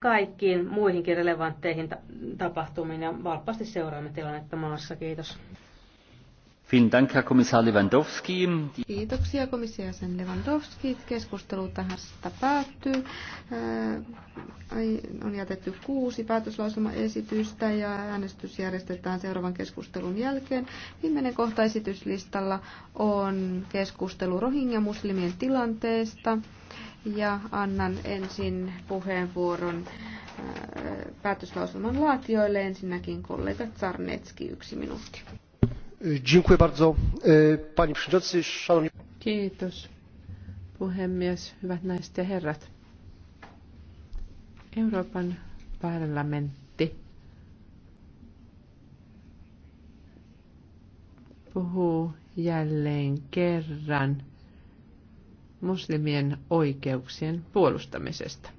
kaikkiin muihinkin relevantteihin tapahtumiin ja valppaasti seuraamme tilannetta maassa. Kiitos. Kiitoksia komissio sen Lewandowski. Keskustelu tähän päättyy. Äh, on jätetty kuusi päätöslauselmaesitystä ja äänestys järjestetään seuraavan keskustelun jälkeen. Viimeinen kohta esityslistalla on keskustelu Rohingya-muslimien tilanteesta ja annan ensin puheenvuoron äh, päätöslauselman laatijoille. Ensinnäkin kollega Tsarnetski, yksi minuutti. Dziękuję bardzo, e, pani przewodniczący, szanowni... Kiitos, puhemies, hyvät naiset ja herrat. Euroopan parlamentti puhuu jälleen kerran – muslimien oikeuksien puolustamisesta.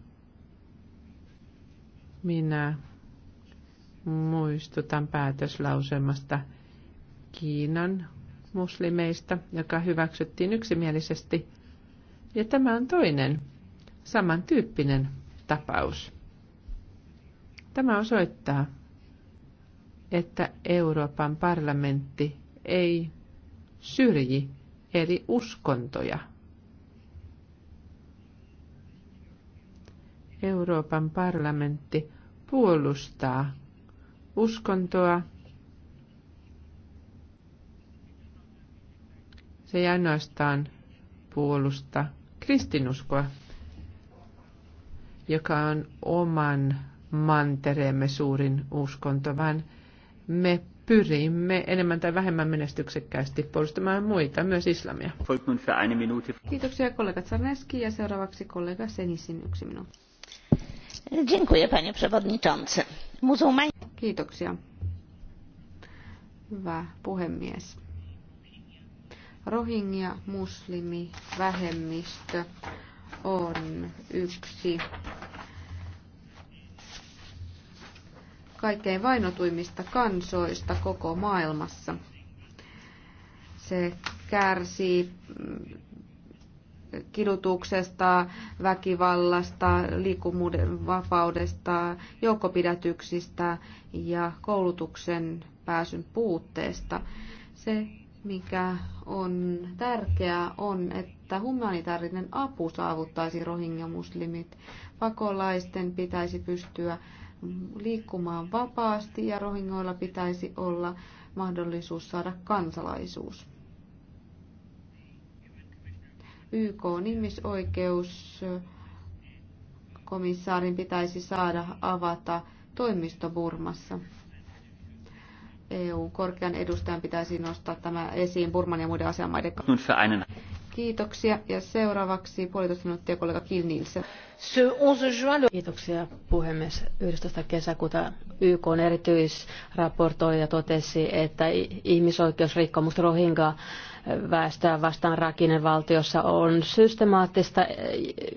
Minä muistutan päätöslauselmasta Kiinan muslimeista, joka hyväksyttiin yksimielisesti. Ja tämä on toinen, samantyyppinen tapaus. Tämä osoittaa, että Euroopan parlamentti ei syrji eri uskontoja Euroopan parlamentti puolustaa uskontoa. Se ei ainoastaan puolusta kristinuskoa, joka on oman mantereemme suurin uskonto, vaan me pyrimme enemmän tai vähemmän menestyksekkäästi puolustamaan muita, myös islamia. Kiitoksia kollega Tsarneski ja seuraavaksi kollega Senisin yksi minuutti panie przewodniczący. Kiitoksia. Hyvä puhemies. Rohingya muslimi vähemmistö on yksi kaikkein vainotuimmista kansoista koko maailmassa. Se kärsii kidutuksesta, väkivallasta, liikkumuuden vapaudesta, joukkopidätyksistä ja koulutuksen pääsyn puutteesta. Se, mikä on tärkeää, on, että humanitaarinen apu saavuttaisi rohingya-muslimit. Pakolaisten pitäisi pystyä liikkumaan vapaasti ja rohingoilla pitäisi olla mahdollisuus saada kansalaisuus. YK on ihmisoikeus komissaarin pitäisi saada avata toimisto Burmassa. EU-korkean edustajan pitäisi nostaa tämä esiin Burman ja muiden asianmaiden kanssa. Kiitoksia. Ja seuraavaksi puolitoista minuuttia kollega Kilnilse. Kiitoksia puhemies. 11. kesäkuuta YK on erityisraportoija totesi, että ihmisoikeusrikkomus Rohingya väestöä vastaan Rakinen valtiossa on systemaattista eh,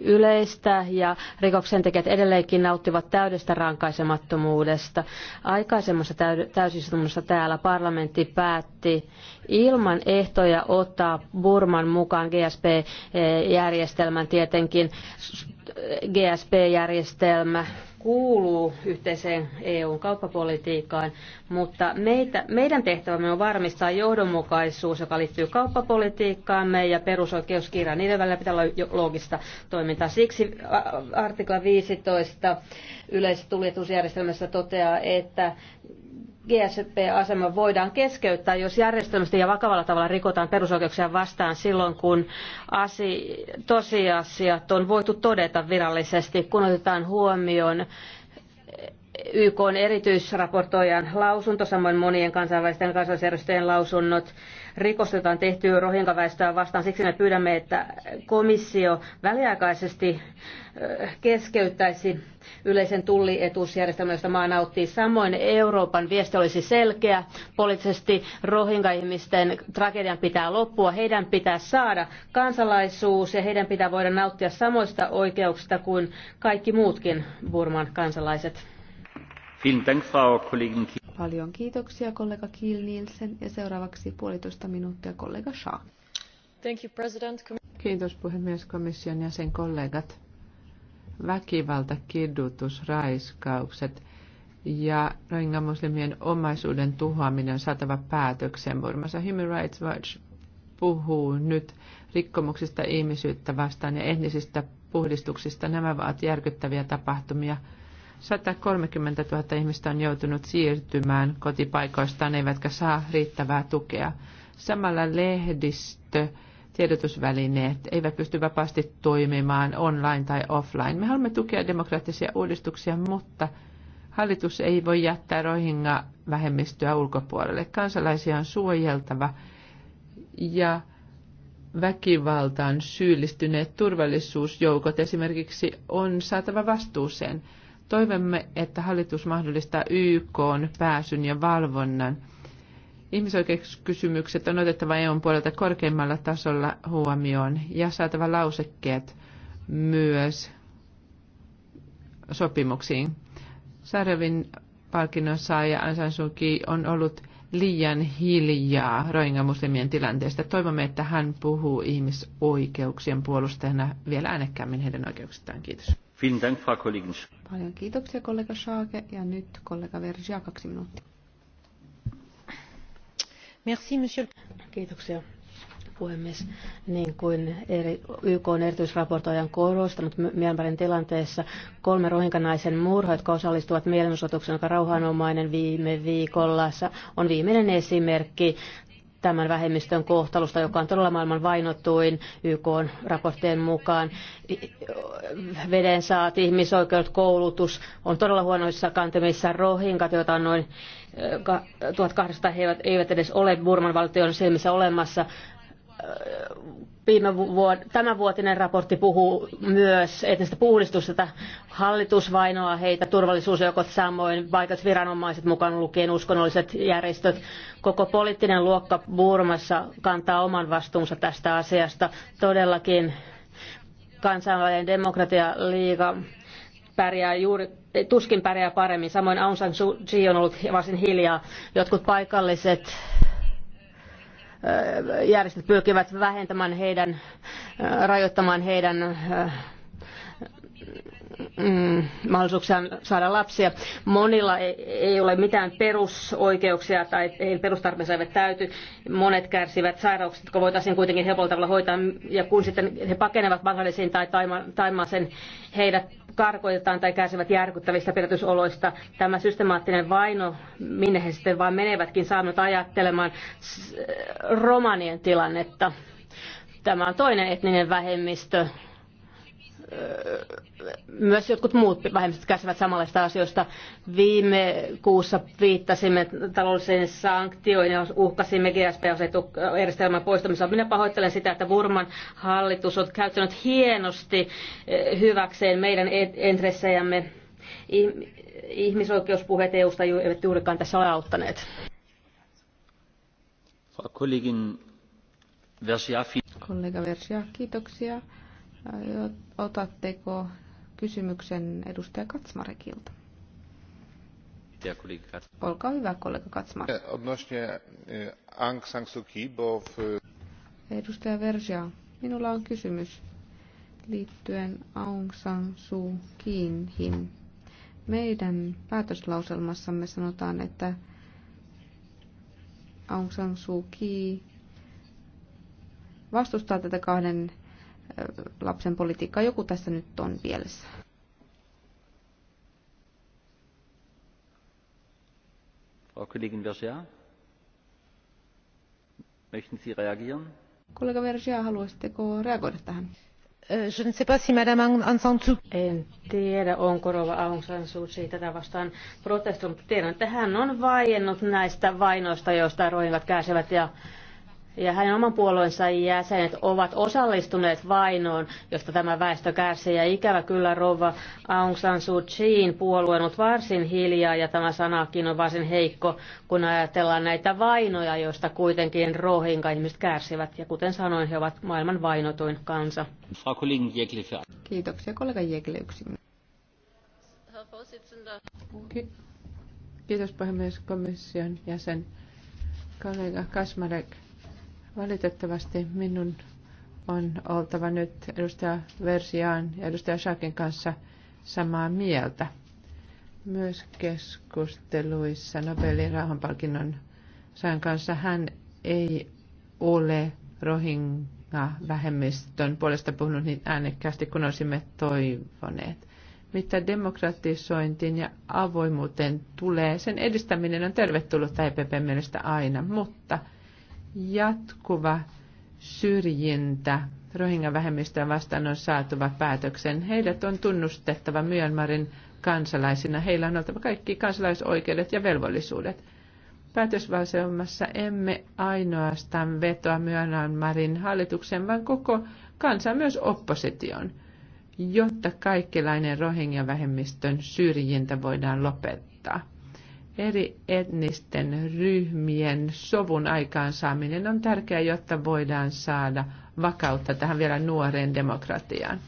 yleistä ja rikoksentekijät edelleenkin nauttivat täydestä rankaisemattomuudesta. Aikaisemmassa täysistunnossa täällä parlamentti päätti ilman ehtoja ottaa Burman mukaan GSP-järjestelmän eh, tietenkin GSP-järjestelmä kuuluu yhteiseen EUn kauppapolitiikkaan, mutta meitä, meidän tehtävämme on varmistaa johdonmukaisuus, joka liittyy kauppapolitiikkaamme ja perusoikeuskirjaan. Niiden välillä pitää olla loogista toimintaa. Siksi artikla 15 yleisessä tuljetusjärjestelmässä toteaa, että GSP-asema voidaan keskeyttää, jos järjestelmästi ja vakavalla tavalla rikotaan perusoikeuksia vastaan silloin, kun asi, tosiasiat on voitu todeta virallisesti, kun otetaan huomioon YK on erityisraportoijan lausunto, samoin monien kansainvälisten kansalaisjärjestöjen lausunnot rikosta, jota on tehty rohinkaväestöä vastaan. Siksi me pyydämme, että komissio väliaikaisesti keskeyttäisi yleisen tullietuusjärjestelmän, josta maa nauttii. Samoin Euroopan viesti olisi selkeä. Poliittisesti rohinga-ihmisten tragedian pitää loppua. Heidän pitää saada kansalaisuus ja heidän pitää voida nauttia samoista oikeuksista kuin kaikki muutkin Burman kansalaiset. Vielen Dank, Frau Kollegin Paljon kiitoksia kollega Kiel Nielsen ja seuraavaksi puolitoista minuuttia kollega Shah. Thank you, President. Kiitos puhemies komission ja sen kollegat. Väkivalta, kidutus, raiskaukset ja rohingamuslimien omaisuuden tuhoaminen on saatava päätökseen. Burmassa Human Rights Watch puhuu nyt rikkomuksista ihmisyyttä vastaan ja etnisistä puhdistuksista. Nämä ovat järkyttäviä tapahtumia 130 000 ihmistä on joutunut siirtymään kotipaikoistaan, eivätkä saa riittävää tukea. Samalla lehdistö, tiedotusvälineet eivät pysty vapaasti toimimaan online tai offline. Me haluamme tukea demokraattisia uudistuksia, mutta hallitus ei voi jättää rohinga vähemmistöä ulkopuolelle. Kansalaisia on suojeltava ja väkivaltaan syyllistyneet turvallisuusjoukot esimerkiksi on saatava vastuuseen. Toivomme, että hallitus mahdollistaa YK pääsyn ja valvonnan. Ihmisoikeuskysymykset on otettava EUn puolelta korkeimmalla tasolla huomioon ja saatava lausekkeet myös sopimuksiin. Sarjavin palkinnon saaja Ansan Suki on ollut liian hiljaa roinga muslimien tilanteesta. Toivomme, että hän puhuu ihmisoikeuksien puolustajana vielä äänekkäämmin heidän oikeuksistaan. Kiitos. Paljon kiitoksia kollega Schaake ja nyt kollega Vergia kaksi minuuttia. Merci, monsieur. Kiitoksia puhemies. Niin kuin eri, YK on erityisraportoijan korostanut Myanmarin tilanteessa, kolme rohinkanaisen murhaa, jotka osallistuvat mielenosoitukseen, joka rauhanomainen viime viikolla, on viimeinen esimerkki tämän vähemmistön kohtalusta, joka on todella maailman vainottuin YK raporttien mukaan. Veden saat, ihmisoikeudet, koulutus on todella huonoissa kantemissa. Rohinkat, joita on noin 1800, eh, he eivät, eivät edes ole Burman valtion silmissä olemassa viime vuod- tämänvuotinen raportti puhuu myös etnistä puhdistusta. Hallitus vainoaa heitä, turvallisuusjoukot samoin, viranomaiset mukaan lukien uskonnolliset järjestöt. Koko poliittinen luokka Burmassa kantaa oman vastuunsa tästä asiasta. Todellakin kansainvälinen demokratialiiga pärjää juuri, tuskin pärjää paremmin. Samoin Aung San Suu Kyi on ollut varsin hiljaa. Jotkut paikalliset järjestöt pyrkivät vähentämään heidän, rajoittamaan heidän mm, mahdollisuuksia saada lapsia. Monilla ei, ei ole mitään perusoikeuksia tai heidän perustarpeensa eivät täyty. Monet kärsivät sairauksista, jotka voitaisiin kuitenkin helpolla tavalla hoitaa. Ja kun sitten he pakenevat Bangladesiin tai Taimaaseen, heidät karkoitetaan tai kärsivät järkyttävistä pidätysoloista. Tämä systemaattinen vaino, minne he sitten vaan menevätkin, saanut ajattelemaan romanien tilannetta. Tämä on toinen etninen vähemmistö, myös jotkut muut vähemmistöt kärsivät samanlaista asioista. Viime kuussa viittasimme taloudellisiin sanktioihin ja uhkasimme GSP-järjestelmän poistamisella. Minä pahoittelen sitä, että Burman hallitus on käyttänyt hienosti hyväkseen meidän e- intressejämme. Ihmisoikeuspuheet EU-sta eivät juurikaan tässä ole auttaneet. Kollega Versia, kiitoksia. Otatteko kysymyksen edustaja Katsmarekilta? Olkaa hyvä, kollega Katsmarek. E, odnośnie e, Aung San Suu Kyi, bo w... Edustaja Versia, minulla on kysymys liittyen Aung San Suu Kyiin. Meidän päätöslauselmassamme sanotaan, että Aung San Suu Kyi vastustaa tätä kahden lapsen politiikkaa. Joku tässä nyt on pielessä. Frau Kollegin Verger, möchten Sie reagieren? Kollega Verger, haluaisitteko reagoida tähän? Je ne sais pas si Madame Aung San Suu... En tiedä, onko Rova Aung San Suu Kyi tätä vastaan protestoinut. Tiedän, että hän on vaiennut näistä vainoista, joista rohingat kärsivät ja ja hänen oman puolueensa jäsenet ovat osallistuneet vainoon, josta tämä väestö kärsii. Ja ikävä kyllä rova Aung San Suu Kyiin puolue on varsin hiljaa ja tämä sanakin on varsin heikko, kun ajatellaan näitä vainoja, joista kuitenkin rohinka ihmiset kärsivät. Ja kuten sanoin, he ovat maailman vainotuin kansa. Kiitoksia kollega Jekle Kiitos puhemies komission jäsen kollega Kasmarek Valitettavasti minun on oltava nyt edustaja Versiaan ja edustaja Shakin kanssa samaa mieltä. Myös keskusteluissa Nobelin rauhanpalkinnon saan kanssa hän ei ole rohinga vähemmistön puolesta puhunut niin äänekkäästi kuin olisimme toivoneet. Mitä demokratisointiin ja avoimuuteen tulee, sen edistäminen on tervetullut IPP e mielestä aina, mutta – jatkuva syrjintä Rohingya vähemmistöä vastaan on saatava päätöksen. Heidät on tunnustettava Myanmarin kansalaisina. Heillä on oltava kaikki kansalaisoikeudet ja velvollisuudet. Päätösvalseumassa emme ainoastaan vetoa Myanmarin hallituksen, vaan koko kansan myös opposition, jotta kaikkilainen Rohingya-vähemmistön syrjintä voidaan lopettaa eri etnisten ryhmien sovun aikaansaaminen on tärkeää, jotta voidaan saada vakautta tähän vielä nuoreen demokratiaan.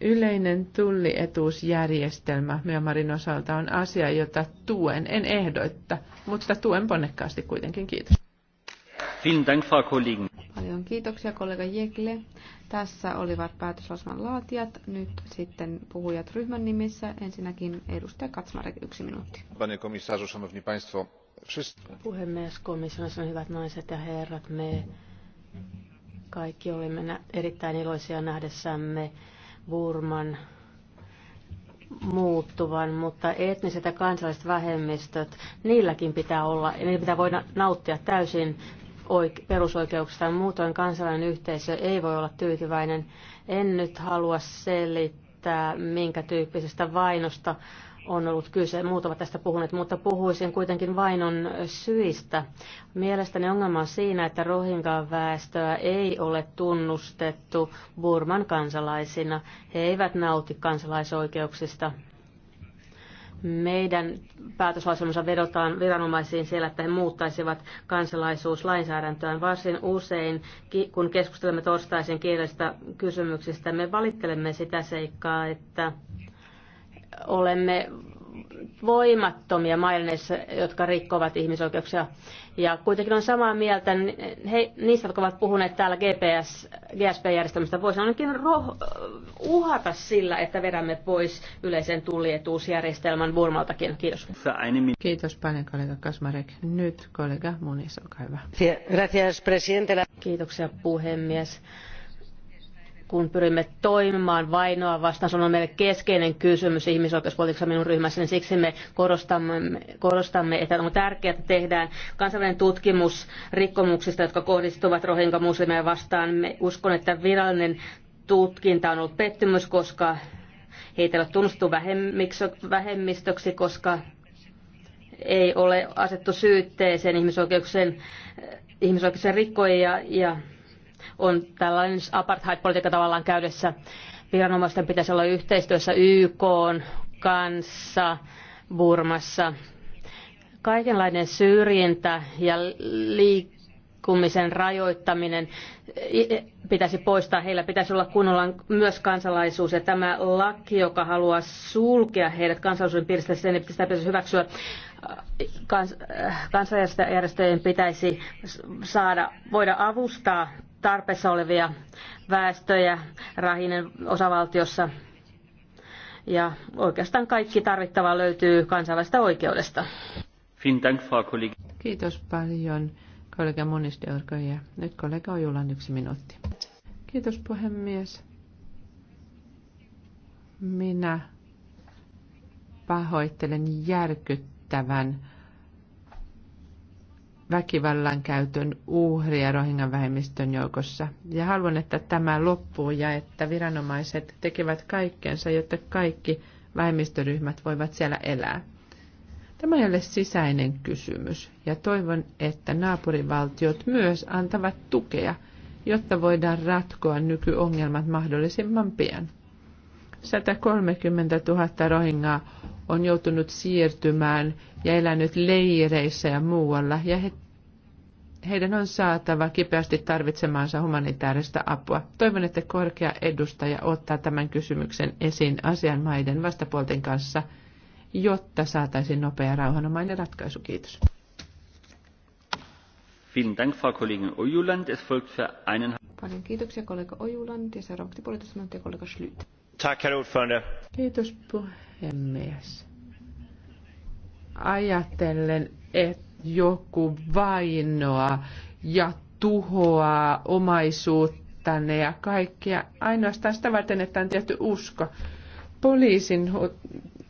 Yleinen tullietuusjärjestelmä Myanmarin osalta on asia, jota tuen, en ehdoitta, mutta tuen ponnekkaasti kuitenkin. Kiitos. Paljon kiitoksia kollega Jekille. Tässä olivat päätöslausuman laatijat. Nyt sitten puhujat ryhmän nimissä. Ensinnäkin edustaja Katsmarek, yksi minuutti. Panie komisarzu, szanowni państwo, Puhemies, komissiossa hyvät naiset ja herrat, me kaikki olimme erittäin iloisia nähdessämme Burman muuttuvan, mutta etniset ja kansalliset vähemmistöt, niilläkin pitää olla, ja niillä pitää voida nauttia täysin perusoikeuksista, perusoikeuksistaan. Muutoin kansainvälinen yhteisö ei voi olla tyytyväinen. En nyt halua selittää, minkä tyyppisestä vainosta on ollut kyse. Muut ovat tästä puhuneet, mutta puhuisin kuitenkin vainon syistä. Mielestäni ongelma on siinä, että Rohingan väestöä ei ole tunnustettu Burman kansalaisina. He eivät nauti kansalaisoikeuksista meidän päätöslauselmassa vedotaan viranomaisiin siellä, että he muuttaisivat kansalaisuuslainsäädäntöään varsin usein, kun keskustelemme torstaisen kielistä kysymyksistä. Me valittelemme sitä seikkaa, että olemme voimattomia maineissa, jotka rikkovat ihmisoikeuksia. Ja kuitenkin on samaa mieltä he, niistä, jotka ovat puhuneet täällä GPS, GSP-järjestelmästä, voisi ainakin roh, uhata sillä, että vedämme pois yleisen tullietuusjärjestelmän Burmaltakin. Kiitos. Kiitos paljon kollega Kasmarek. Nyt kollega Munis, olkaa hyvä. Kiitoksia puhemies kun pyrimme toimimaan vainoa vastaan, se on meille keskeinen kysymys ihmisoikeuspolitiikassa minun ryhmässäni. Niin siksi me korostamme, korostamme, että on tärkeää, että tehdään kansainvälinen tutkimus rikkomuksista, jotka kohdistuvat rohinka muslimeja vastaan. Me uskon, että virallinen tutkinta on ollut pettymys, koska heitä ei ole tunnustettu vähemmistöksi, koska ei ole asettu syytteeseen ihmisoikeuksien, ihmisoikeuksien ja, ja on tällainen apartheid-politiikka tavallaan käydessä. Viranomaisten pitäisi olla yhteistyössä YK kanssa Burmassa. Kaikenlainen syrjintä ja liikkumisen rajoittaminen pitäisi poistaa. Heillä pitäisi olla kunnolla myös kansalaisuus. Ja tämä laki, joka haluaa sulkea heidät kansalaisuuden piiristä, sen sitä pitäisi hyväksyä. Kans, äh, kansalaisjärjestöjen pitäisi saada, voida avustaa tarpeessa olevia väestöjä Rahinen osavaltiossa. Ja oikeastaan kaikki tarvittava löytyy kansainvälisestä oikeudesta. Kiitos paljon kollega Monisteorko ja nyt kollega Ojulan yksi minuutti. Kiitos puhemies. Minä pahoittelen järkyttävän väkivallan käytön uhria Rohingan vähemmistön joukossa. Ja haluan, että tämä loppuu ja että viranomaiset tekevät kaikkensa, jotta kaikki vähemmistöryhmät voivat siellä elää. Tämä ei ole sisäinen kysymys ja toivon, että naapurivaltiot myös antavat tukea, jotta voidaan ratkoa nykyongelmat mahdollisimman pian. 130 000 rohingaa on joutunut siirtymään ja elänyt leireissä ja muualla, ja he heidän on saatava kipeästi tarvitsemaansa humanitaarista apua. Toivon, että korkea edustaja ottaa tämän kysymyksen esiin asianmaiden vastapuolten kanssa, jotta saataisiin nopea rauhanomainen ratkaisu. Kiitos. Paljon kiitoksia kollega Ojuland ja seuraavaksi poliittisen kollega Schlyt. Tack, herr Kiitos puhemies. Ajattelen, että joku vainoa ja tuhoaa omaisuuttanne ja kaikkea ainoastaan sitä varten, että on tietty usko. Poliisin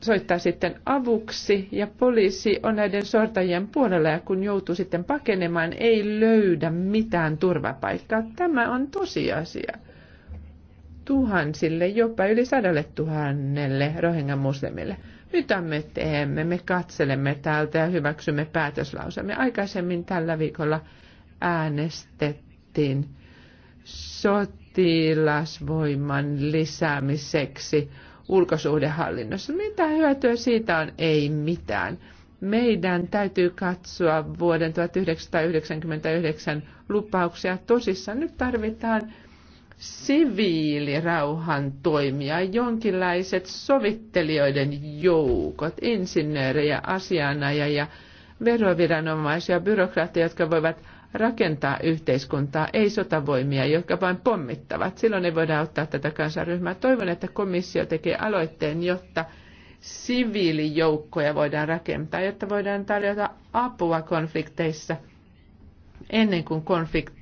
soittaa sitten avuksi ja poliisi on näiden sortajien puolella ja kun joutuu sitten pakenemaan, ei löydä mitään turvapaikkaa. Tämä on tosiasia. Tuhansille, jopa yli sadalle tuhannelle rohingan muslimille. Mitä me teemme? Me katselemme täältä ja hyväksymme päätöslausamme. Aikaisemmin tällä viikolla äänestettiin sotilasvoiman lisäämiseksi ulkosuhdehallinnossa. Mitä hyötyä siitä on? Ei mitään. Meidän täytyy katsoa vuoden 1999 lupauksia tosissaan. Nyt tarvitaan siviilirauhan toimia, jonkinlaiset sovittelijoiden joukot, insinöörejä, asianajajia, veroviranomaisia, byrokraatteja, jotka voivat rakentaa yhteiskuntaa, ei sotavoimia, jotka vain pommittavat. Silloin ei voida auttaa tätä kansaryhmää. Toivon, että komissio tekee aloitteen, jotta siviilijoukkoja voidaan rakentaa, jotta voidaan tarjota apua konflikteissa ennen kuin konflikti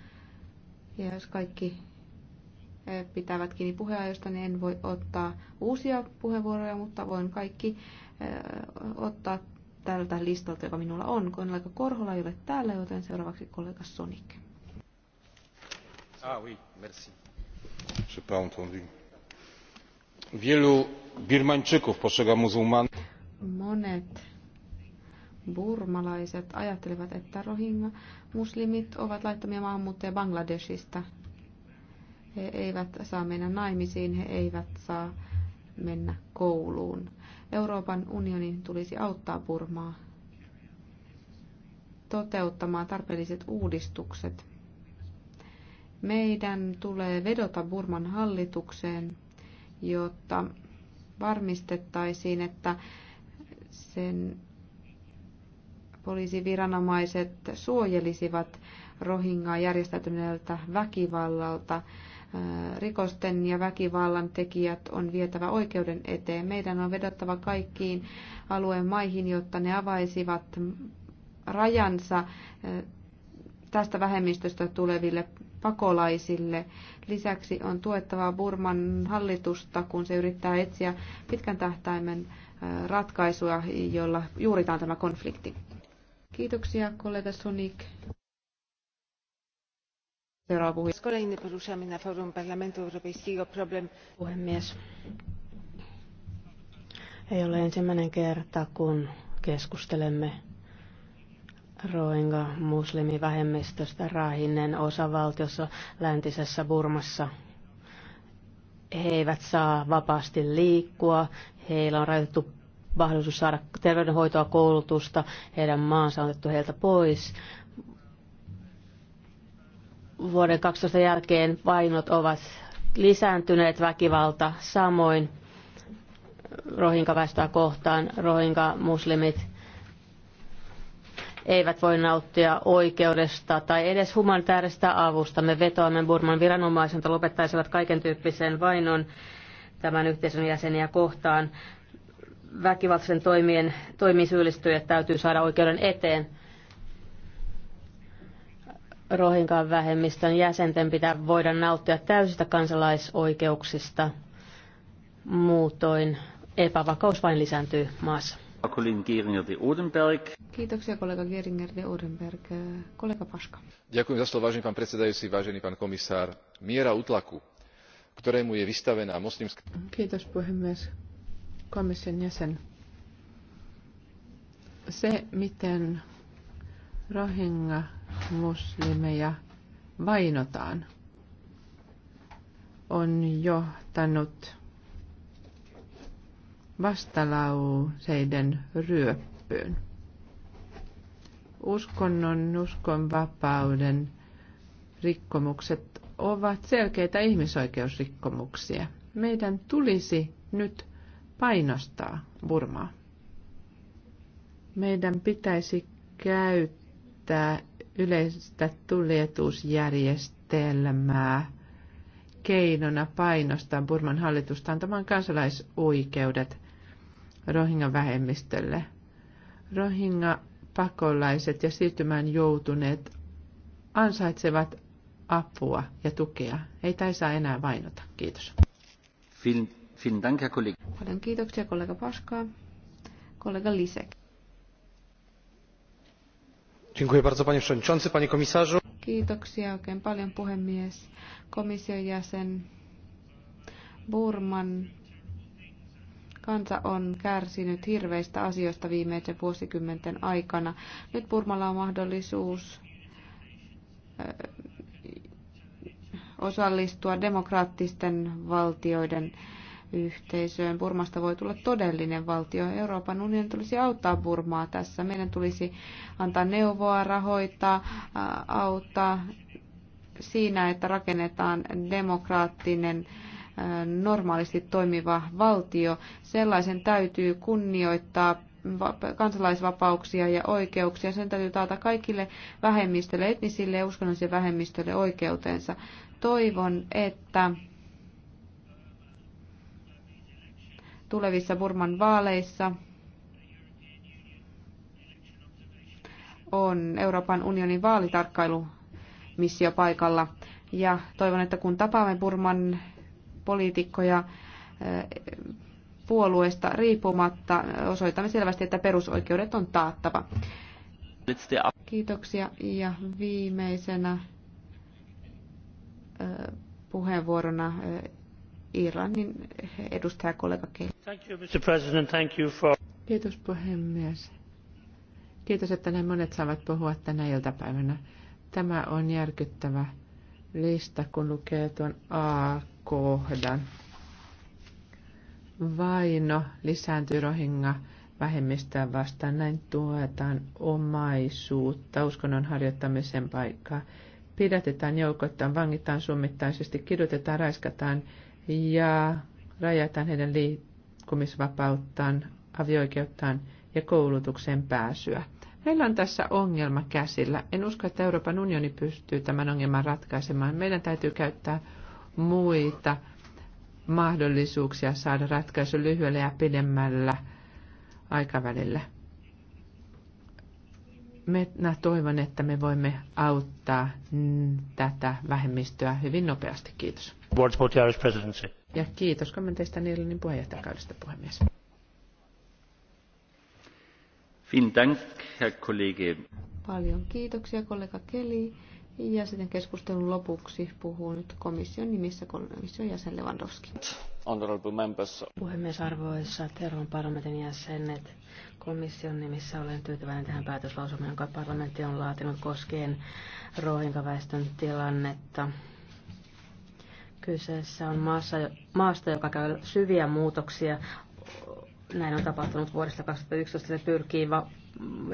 Ja jos kaikki eh, pitävät kiinni puheajosta, niin en voi ottaa uusia puheenvuoroja, mutta voin kaikki eh, ottaa tältä listalta, joka minulla on. Kollega Korhola ei ole täällä, joten seuraavaksi kollega Sonic. Ah oui, merci. Je pas entendu. Wielu Birmańczyków postrzega muzułman. Monet burmalaiset ajattelevat, että Rohingya-muslimit ovat laittomia maahanmuuttajia Bangladesista. He eivät saa mennä naimisiin, he eivät saa mennä kouluun. Euroopan unionin tulisi auttaa Burmaa toteuttamaan tarpeelliset uudistukset. Meidän tulee vedota Burman hallitukseen, jotta varmistettaisiin, että sen poliisiviranomaiset suojelisivat Rohingaa järjestäytyneeltä väkivallalta. Äh, rikosten ja väkivallan tekijät on vietävä oikeuden eteen. Meidän on vedottava kaikkiin alueen maihin, jotta ne avaisivat rajansa äh, tästä vähemmistöstä tuleville pakolaisille. Lisäksi on tuettava Burman hallitusta, kun se yrittää etsiä pitkän tähtäimen äh, ratkaisuja, jolla juuritaan tämä konflikti. Kiitoksia kollega Sonik. Kolejny poruszamy na forum Parlamentu Europejskiego problem. Puhemies. Ei ole ensimmäinen kerta, kun keskustelemme Roenga muslimivähemmistöstä Rahinen osavaltiossa läntisessä Burmassa. He eivät saa vapaasti liikkua, heillä on rajoitettu mahdollisuus saada terveydenhoitoa, koulutusta, heidän maansa on otettu heiltä pois. Vuoden 12 jälkeen vainot ovat lisääntyneet, väkivalta samoin rohinkaväestöä kohtaan, rohinka-muslimit eivät voi nauttia oikeudesta tai edes humanitaarista avusta. Me vetoamme Burman viranomaisilta lopettaisivat kaiken tyyppisen vainon tämän yhteisön jäseniä kohtaan väkivaltaisen toimien, toimiin syyllistyjät täytyy saada oikeuden eteen. Rohinkaan vähemmistön jäsenten pitää voida nauttia täysistä kansalaisoikeuksista. Muutoin epävakaus vain lisääntyy maassa. Kiitoksia kollega Geringer de Odenberg. Kollega Paska. Ďakujem za slovo, vážený pán predsedajúci, vážený pán komisár. Miera utlaku, ktorému je vystavená moslimská... Kiitos puhemies komission jäsen. Se, miten rohinga muslimeja vainotaan, on johtanut vastalauseiden ryöppyyn. Uskonnon, uskonvapauden rikkomukset ovat selkeitä ihmisoikeusrikkomuksia. Meidän tulisi nyt painostaa Burmaa. Meidän pitäisi käyttää yleistä tulietuusjärjestelmää keinona painostaa Burman hallitusta antamaan kansalaisoikeudet Rohingan vähemmistölle. Rohinga pakolaiset ja siirtymään joutuneet ansaitsevat apua ja tukea. Ei tai saa enää vainota. Kiitos. Film. Paljon kiitoksia kollega Paska. Kollega Lisek. Dziękuję bardzo panie przewodniczący, panie komisarzu. Kiitoksia oikein paljon puhemies. Komission jäsen Burman kansa on kärsinyt hirveistä asioista viimeisen vuosikymmenten aikana. Nyt Burmalla on mahdollisuus osallistua demokraattisten valtioiden yhteisöön. Burmasta voi tulla todellinen valtio. Euroopan unioni tulisi auttaa Burmaa tässä. Meidän tulisi antaa neuvoa, rahoittaa, auttaa siinä, että rakennetaan demokraattinen normaalisti toimiva valtio. Sellaisen täytyy kunnioittaa kansalaisvapauksia ja oikeuksia. Sen täytyy taata kaikille vähemmistöille, etnisille ja uskonnollisille vähemmistöille oikeutensa. Toivon, että tulevissa Burman vaaleissa on Euroopan unionin vaalitarkkailumissio paikalla. Ja toivon, että kun tapaamme Burman poliitikkoja puolueesta riippumatta, osoitamme selvästi, että perusoikeudet on taattava. Kiitoksia. Ja viimeisenä puheenvuorona Irlannin edustajakollega Kelly. Kiitos puhemies. Kiitos, että näin monet saavat puhua tänä iltapäivänä. Tämä on järkyttävä lista, kun lukee tuon A-kohdan. Vaino lisääntyy rohinga vähemmistöä vastaan. Näin tuetaan omaisuutta, uskonnon harjoittamisen paikkaa. Pidätetään joukottaan, vangitaan summittaisesti, kidutetaan, raiskataan ja rajataan heidän liittymään liikkumisvapauttaan, avioikeuttaan ja koulutukseen pääsyä. Meillä on tässä ongelma käsillä. En usko, että Euroopan unioni pystyy tämän ongelman ratkaisemaan. Meidän täytyy käyttää muita mahdollisuuksia saada ratkaisu lyhyellä ja pidemmällä aikavälillä. Minä toivon, että me voimme auttaa tätä vähemmistöä hyvin nopeasti. Kiitos. Words, ja kiitos kommenteista Nielinin puheenjohtajakaudesta puhemies. Dank, Herr Paljon kiitoksia kollega Keli. Ja sitten keskustelun lopuksi puhuu nyt komission nimissä komission jäsen Lewandowski. Puhemies arvoisat Euroopan parlamentin jäsenet, komission nimissä olen tyytyväinen tähän päätöslausumaan, jonka parlamentti on laatinut koskien rohinkaväestön tilannetta Kyseessä on maassa, maasta, joka käy syviä muutoksia. Näin on tapahtunut vuodesta 2011. Se pyrkii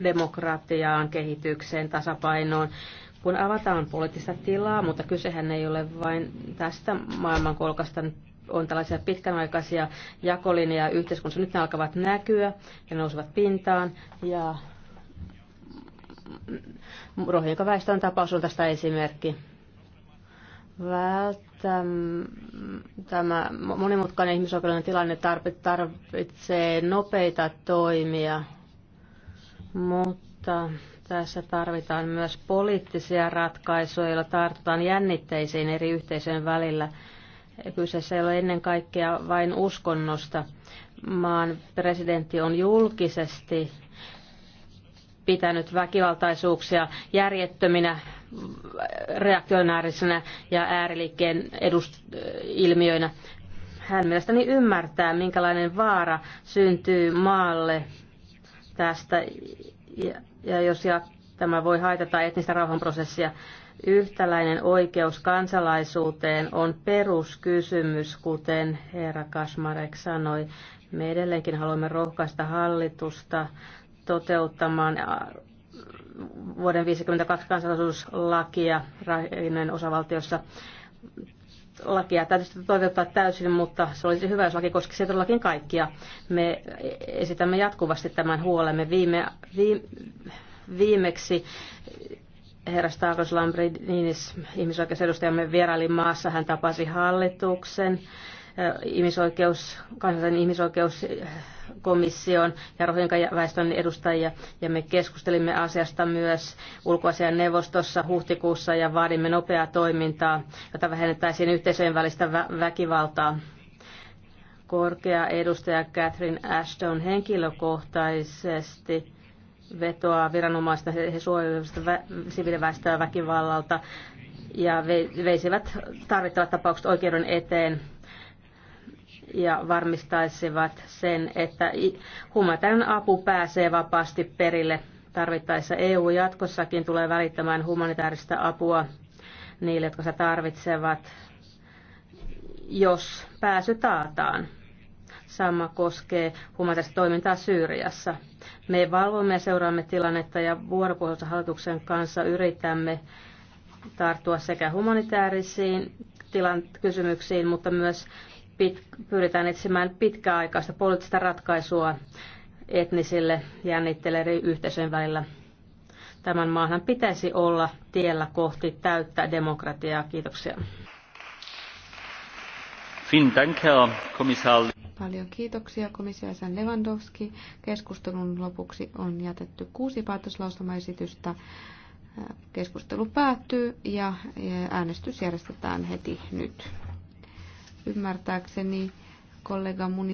demokratiaan, kehitykseen, tasapainoon. Kun avataan poliittista tilaa, mutta kysehän ei ole vain tästä maailmankolkasta, on tällaisia pitkänaikaisia jakolinjoja yhteiskunnassa. Nyt ne alkavat näkyä ja nousevat pintaan ja rohinkaväestön tapaus on tästä esimerkki. Tämä monimutkainen ihmisoikeudellinen tilanne tarvitsee nopeita toimia, mutta tässä tarvitaan myös poliittisia ratkaisuja, joilla tartutaan jännitteisiin eri yhteisöjen välillä. Kyseessä ei ole ennen kaikkea vain uskonnosta. Maan presidentti on julkisesti pitänyt väkivaltaisuuksia järjettöminä, reaktionäärisinä ja ääriliikkeen edust- ilmiöinä. Hän mielestäni ymmärtää, minkälainen vaara syntyy maalle tästä, ja, ja jos ja, tämä voi haitata etnistä rauhanprosessia. Yhtäläinen oikeus kansalaisuuteen on peruskysymys, kuten herra Kasmarek sanoi. Me edelleenkin haluamme rohkaista hallitusta toteuttamaan vuoden 52 kansalaisuuslakia Rahinen osavaltiossa lakia täytyy toteuttaa täysin, mutta se olisi hyvä, jos laki koskisi todellakin kaikkia. Me esitämme jatkuvasti tämän huolemme. Viime, viime, viimeksi herra Stavros Lambridinis, ihmisoikeusedustajamme, vieraili maassa. Hän tapasi hallituksen, ihmisoikeus, kansallisen ihmisoikeuskomission ja Rohingya-väestön edustajia. Ja me keskustelimme asiasta myös ulkoasian neuvostossa huhtikuussa ja vaadimme nopeaa toimintaa, jota vähennettäisiin yhteisöjen välistä vä- väkivaltaa. Korkea edustaja Catherine Ashton henkilökohtaisesti vetoaa viranomaista, he suojelevat vä- siviiliväestöä väkivallalta ja veisivät tarvittavat tapaukset oikeuden eteen ja varmistaisivat sen, että humanitaarinen apu pääsee vapaasti perille. Tarvittaessa EU jatkossakin tulee välittämään humanitaarista apua niille, jotka se tarvitsevat, jos pääsy taataan. Sama koskee humanitaarista toimintaa Syyriassa. Me valvomme ja seuraamme tilannetta ja vuoropuhelussa hallituksen kanssa yritämme tarttua sekä humanitaarisiin tilan kysymyksiin, mutta myös pit, pyritään etsimään pitkäaikaista poliittista ratkaisua etnisille jännitteille eri yhteisöjen välillä. Tämän maahan pitäisi olla tiellä kohti täyttä demokratiaa. Kiitoksia. Paljon kiitoksia komissio San Lewandowski. Keskustelun lopuksi on jätetty kuusi päätöslauselmaesitystä. Keskustelu päättyy ja äänestys järjestetään heti nyt. Ymmärtääkseni kollega mun